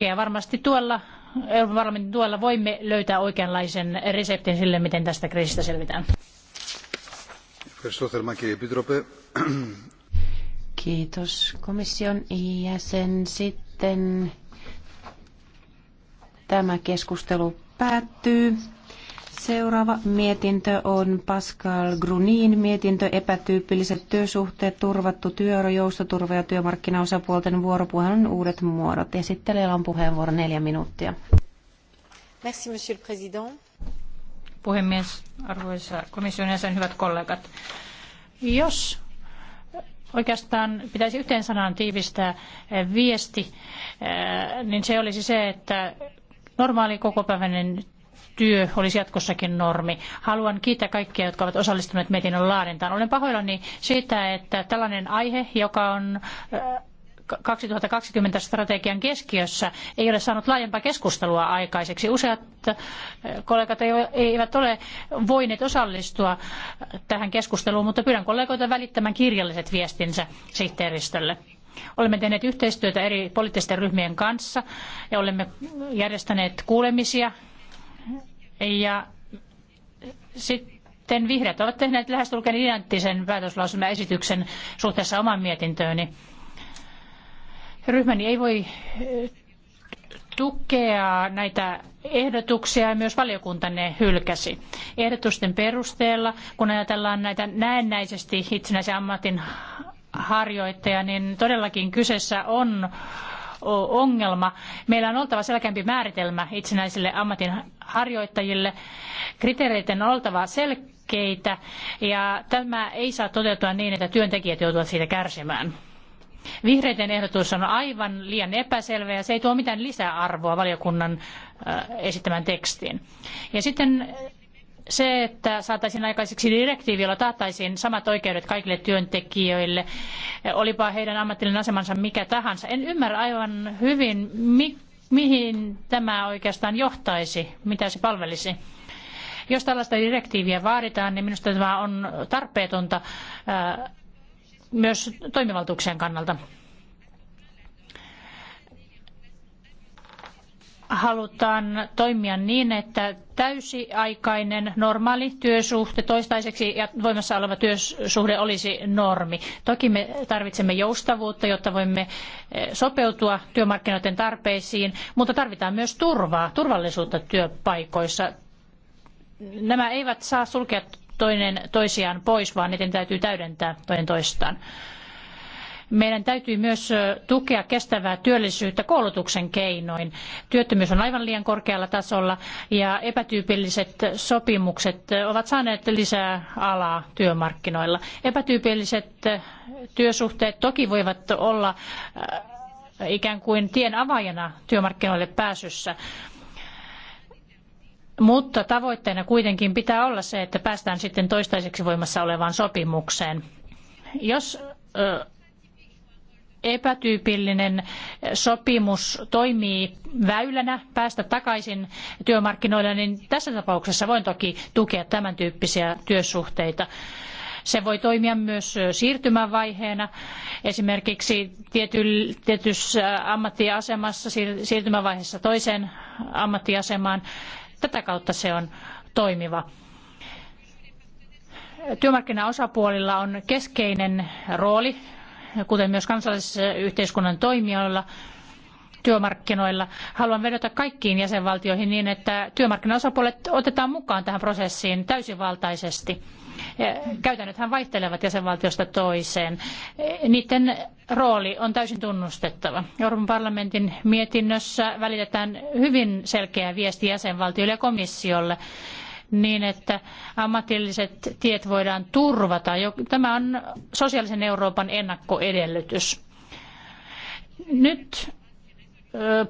Ja varmasti tuolla Euroopan parlamentin tuella voimme löytää oikeanlaisen reseptin sille, miten tästä kriisistä selvitään. Kiitos komission jäsen. Sitten tämä keskustelu päättyy. Seuraava mietintö on Pascal Grunin mietintö epätyypilliset työsuhteet, turvattu työ, joustoturva ja työmarkkinaosapuolten vuoropuhelun uudet muodot. Esittelijällä on puheenvuoro neljä minuuttia. Merci, monsieur le président. Puhemies, arvoisa komission jäsen, hyvät kollegat. Jos oikeastaan pitäisi yhteen sanaan tiivistää viesti, niin se olisi se, että normaali kokopäiväinen työ olisi jatkossakin normi. Haluan kiittää kaikkia, jotka ovat osallistuneet mietinnön laadintaan. Olen pahoillani siitä, että tällainen aihe, joka on 2020 äh, strategian keskiössä ei ole saanut laajempaa keskustelua aikaiseksi. Useat äh, kollegat eivät ole voineet osallistua tähän keskusteluun, mutta pyydän kollegoita välittämään kirjalliset viestinsä sihteeristölle. Olemme tehneet yhteistyötä eri poliittisten ryhmien kanssa ja olemme järjestäneet kuulemisia ja sitten vihreät ovat tehneet lähestulkeen identtisen esityksen suhteessa omaan mietintööni. Ryhmäni ei voi eh, tukea näitä ehdotuksia ja myös valiokunta ne hylkäsi. Ehdotusten perusteella, kun ajatellaan näitä näennäisesti itsenäisen ammatin harjoittajia, niin todellakin kyseessä on ongelma. Meillä on oltava selkeämpi määritelmä itsenäisille ammatinharjoittajille. Kriteereiden on oltava selkeitä ja tämä ei saa toteutua niin, että työntekijät joutuvat siitä kärsimään. Vihreiden ehdotus on aivan liian epäselvä ja se ei tuo mitään lisäarvoa valiokunnan äh, esittämään tekstiin. Ja sitten se, että saataisiin aikaiseksi direktiivi, jolla taattaisiin samat oikeudet kaikille työntekijöille, olipa heidän ammatillinen asemansa mikä tahansa. En ymmärrä aivan hyvin, mi- mihin tämä oikeastaan johtaisi, mitä se palvelisi. Jos tällaista direktiiviä vaaditaan, niin minusta tämä on tarpeetonta myös toimivaltuuksien kannalta. halutaan toimia niin, että täysiaikainen normaali työsuhde, toistaiseksi voimassa oleva työsuhde olisi normi. Toki me tarvitsemme joustavuutta, jotta voimme eh, sopeutua työmarkkinoiden tarpeisiin, mutta tarvitaan myös turvaa, turvallisuutta työpaikoissa. Nämä eivät saa sulkea toinen toisiaan pois, vaan niiden täytyy täydentää toinen toistaan. Meidän täytyy myös tukea kestävää työllisyyttä koulutuksen keinoin. Työttömyys on aivan liian korkealla tasolla ja epätyypilliset sopimukset ovat saaneet lisää alaa työmarkkinoilla. Epätyypilliset työsuhteet toki voivat olla ikään kuin tien avaajana työmarkkinoille pääsyssä. Mutta tavoitteena kuitenkin pitää olla se, että päästään sitten toistaiseksi voimassa olevaan sopimukseen. Jos epätyypillinen sopimus toimii väylänä päästä takaisin työmarkkinoille, niin tässä tapauksessa voin toki tukea tämän tyyppisiä työsuhteita. Se voi toimia myös siirtymävaiheena. Esimerkiksi tietyssä ammattiasemassa siirtymävaiheessa toiseen ammattiasemaan. Tätä kautta se on toimiva työmarkkinaosapuolilla on keskeinen rooli kuten myös kansalaisyhteiskunnan toimijoilla, työmarkkinoilla. Haluan vedota kaikkiin jäsenvaltioihin niin, että työmarkkinaosapuolet otetaan mukaan tähän prosessiin täysivaltaisesti. Käytännöthän vaihtelevat jäsenvaltiosta toiseen. Niiden rooli on täysin tunnustettava. Euroopan parlamentin mietinnössä välitetään hyvin selkeä viesti jäsenvaltioille ja komissiolle niin, että ammatilliset tiet voidaan turvata. Tämä on sosiaalisen Euroopan ennakkoedellytys. Nyt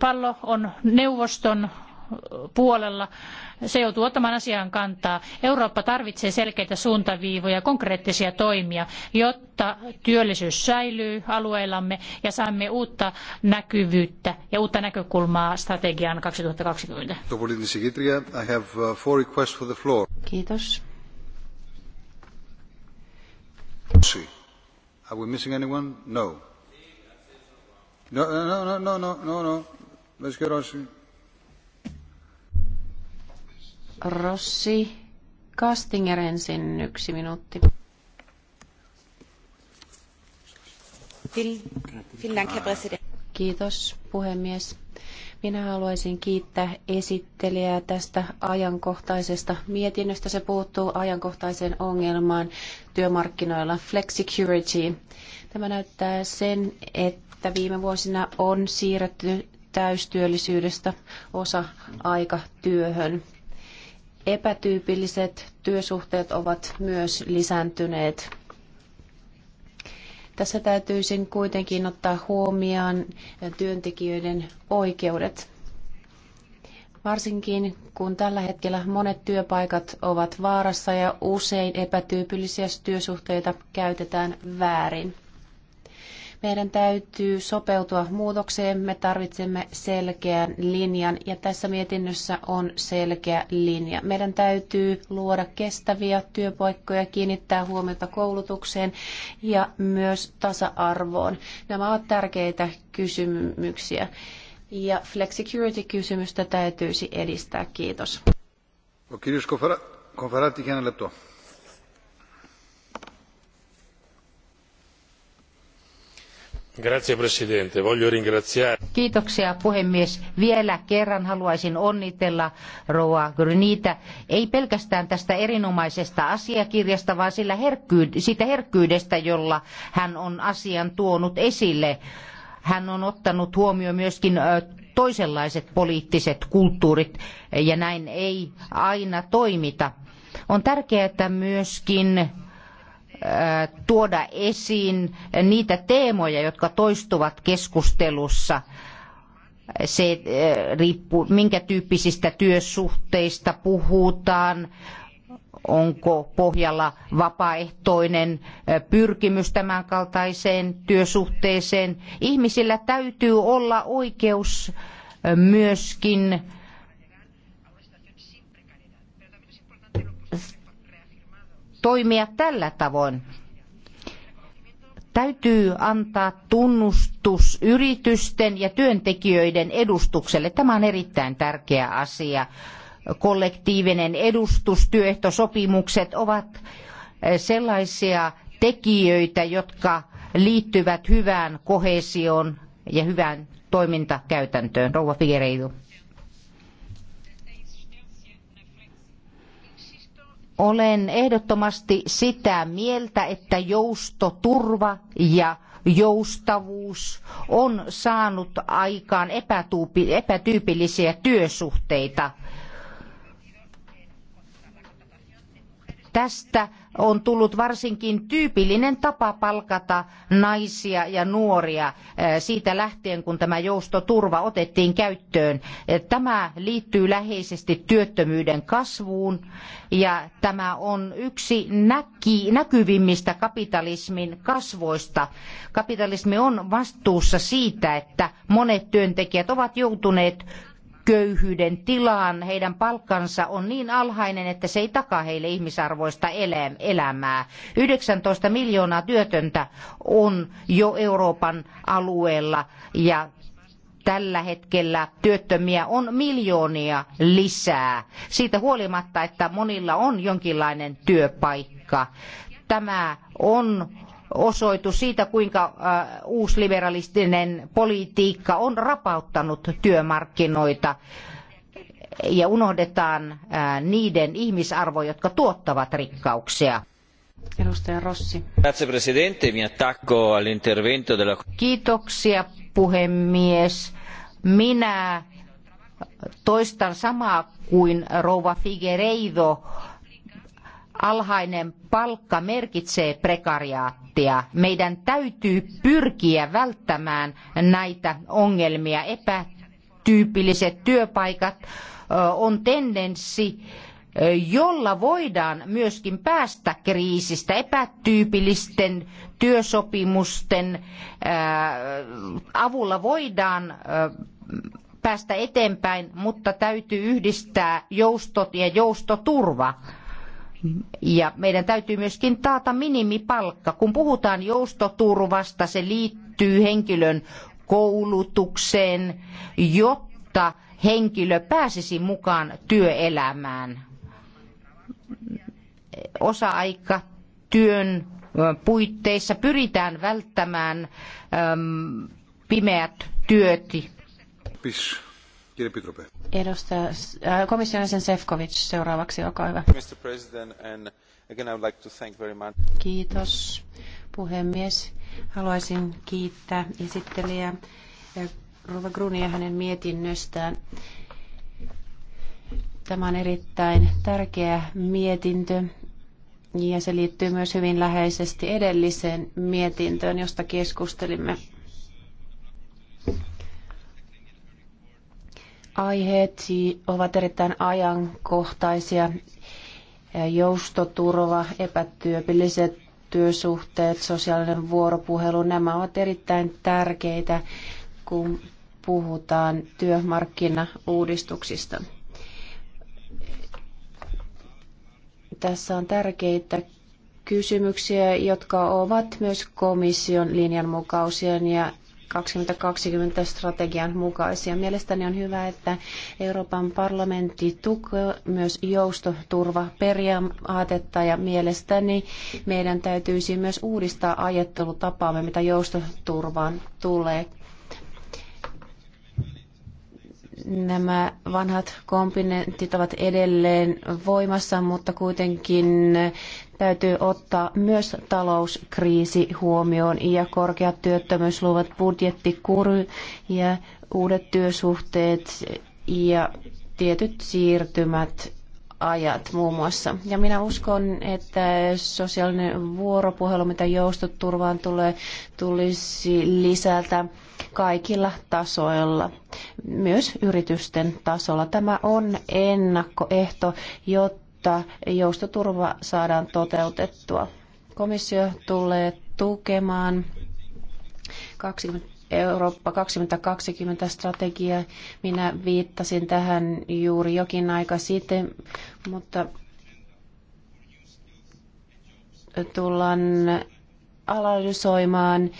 pallo on neuvoston puolella. Se joutuu ottamaan asiaan kantaa. Eurooppa tarvitsee selkeitä suuntaviivoja, konkreettisia toimia, jotta työllisyys säilyy alueillamme ja saamme uutta näkyvyyttä ja uutta näkökulmaa strategiaan 2020. Kiitos. Are we missing anyone? No, no, no, no, no, no, no. no. Let's get on. Rossi. Kastinger ensin yksi minuutti. Kiitos puhemies. Minä haluaisin kiittää esittelijää tästä ajankohtaisesta mietinnöstä. Se puuttuu ajankohtaiseen ongelmaan työmarkkinoilla, flexicurity. Tämä näyttää sen, että viime vuosina on siirretty täystyöllisyydestä osa-aikatyöhön. Epätyypilliset työsuhteet ovat myös lisääntyneet. Tässä täytyisi kuitenkin ottaa huomioon työntekijöiden oikeudet. Varsinkin kun tällä hetkellä monet työpaikat ovat vaarassa ja usein epätyypillisiä työsuhteita käytetään väärin. Meidän täytyy sopeutua muutokseen. Me tarvitsemme selkeän linjan ja tässä mietinnössä on selkeä linja. Meidän täytyy luoda kestäviä työpaikkoja, kiinnittää huomiota koulutukseen ja myös tasa-arvoon. Nämä ovat tärkeitä kysymyksiä. Ja flexicurity-kysymystä täytyisi edistää. Kiitos. No, Kiitos. Kiitoksia puhemies. Vielä kerran haluaisin onnitella Roa Grunita. ei pelkästään tästä erinomaisesta asiakirjasta, vaan sillä herkkyyd- siitä herkkyydestä, jolla hän on asian tuonut esille. Hän on ottanut huomioon myöskin toisenlaiset poliittiset kulttuurit, ja näin ei aina toimita. On tärkeää, että myöskin tuoda esiin niitä teemoja, jotka toistuvat keskustelussa se riippuu, minkä tyyppisistä työsuhteista puhutaan, onko pohjalla vapaaehtoinen pyrkimys tämän kaltaiseen työsuhteeseen. Ihmisillä täytyy olla oikeus myöskin toimia tällä tavoin. Täytyy antaa tunnustus yritysten ja työntekijöiden edustukselle. Tämä on erittäin tärkeä asia. Kollektiivinen edustus, työehtosopimukset ovat eh, sellaisia tekijöitä, jotka liittyvät hyvään koheesioon ja hyvään toimintakäytäntöön. Rouva Figueiredo. Olen ehdottomasti sitä mieltä, että joustoturva ja joustavuus on saanut aikaan epätyypillisiä työsuhteita. Tästä on tullut varsinkin tyypillinen tapa palkata naisia ja nuoria eh, siitä lähtien, kun tämä joustoturva otettiin käyttöön. Eh, tämä liittyy läheisesti työttömyyden kasvuun ja tämä on yksi näkyvimmistä kapitalismin kasvoista. Kapitalismi on vastuussa siitä, että monet työntekijät ovat joutuneet köyhyyden tilaan. Heidän palkkansa on niin alhainen, että se ei takaa heille ihmisarvoista elämää. 19 miljoonaa työtöntä on jo Euroopan alueella ja tällä hetkellä työttömiä on miljoonia lisää. Siitä huolimatta, että monilla on jonkinlainen työpaikka. Tämä on osoitus siitä, kuinka äh, uusliberalistinen politiikka on rapauttanut työmarkkinoita ja unohdetaan äh, niiden ihmisarvo, jotka tuottavat rikkauksia. Edustaja Rossi. Grazie Presidente, mi attacco all'intervento della... Kiitoksia puhemies. Minä toistan samaa kuin rouva Figueiredo. Alhainen palkka merkitsee prekariaattia prosenttia. Meidän täytyy pyrkiä välttämään näitä ongelmia. Epätyypilliset työpaikat on tendenssi jolla voidaan myöskin päästä kriisistä epätyypillisten työsopimusten avulla voidaan päästä eteenpäin, mutta täytyy yhdistää joustot ja joustoturva. Ja meidän täytyy myöskin taata minimipalkka. Kun puhutaan joustoturvasta, se liittyy henkilön koulutukseen, jotta henkilö pääsisi mukaan työelämään. Osa-aika työn puitteissa pyritään välttämään äm, pimeät työt. Edustaja, äh, komission jäsen Sefcovic seuraavaksi, olkaa hyvä. Mr. President, Kiitos puhemies. Haluaisin kiittää esittelijää äh, Rova Grunia hänen mietinnöstään. Tämä on erittäin tärkeä mietintö ja se liittyy myös hyvin läheisesti edelliseen mietintöön, josta keskustelimme aiheet ovat erittäin ajankohtaisia. Joustoturva, epätyypilliset työsuhteet, sosiaalinen vuoropuhelu, nämä ovat erittäin tärkeitä, kun puhutaan työmarkkinauudistuksista. Tässä on tärkeitä kysymyksiä, jotka ovat myös komission linjanmukausien ja 2020 strategian mukaisia. Mielestäni on hyvä, että Euroopan parlamentti tukee myös joustoturvaperiaatetta ja mielestäni meidän täytyisi myös uudistaa ajattelutapaamme, mitä joustoturvaan tulee. Nämä vanhat komponentit ovat edelleen voimassa, mutta kuitenkin täytyy ottaa myös talouskriisi huomioon ja korkeat työttömyysluvat, budjettikuri ja uudet työsuhteet ja tietyt siirtymät ajat muun muassa. Ja minä uskon, että sosiaalinen vuoropuhelu, mitä joustoturvaan tulee, tulisi lisätä kaikilla tasoilla, myös yritysten tasolla. Tämä on ennakkoehto, jotta joustoturva saadaan toteutettua. Komissio tulee tukemaan 20, Eurooppa 2020 strategia. Minä viittasin tähän juuri jokin aika sitten, mutta tullaan analysoimaan,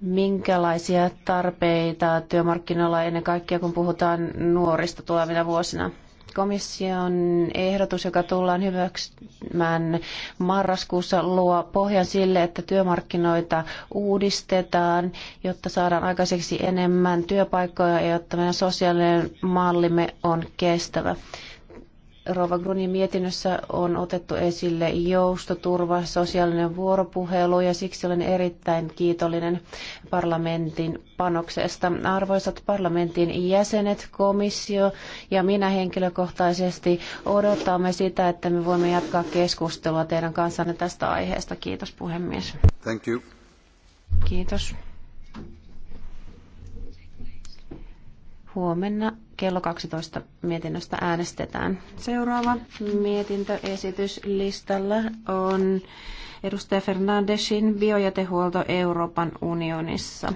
minkälaisia tarpeita työmarkkinoilla ennen kaikkea, kun puhutaan nuorista tulevina vuosina komission ehdotus, joka tullaan hyväksymään marraskuussa, luo pohjan sille, että työmarkkinoita uudistetaan, jotta saadaan aikaiseksi enemmän työpaikkoja ja jotta meidän sosiaalinen mallimme on kestävä. Rova Grunin mietinnössä on otettu esille joustoturva, sosiaalinen vuoropuhelu ja siksi olen erittäin kiitollinen parlamentin panoksesta. Arvoisat parlamentin jäsenet, komissio ja minä henkilökohtaisesti odotamme sitä, että me voimme jatkaa keskustelua teidän kanssanne tästä aiheesta. Kiitos puhemies. Thank you. Kiitos. Huomenna kello 12 mietinnöstä äänestetään. Seuraava mietintöesitys listalla on edustaja Fernandesin biojätehuolto Euroopan unionissa.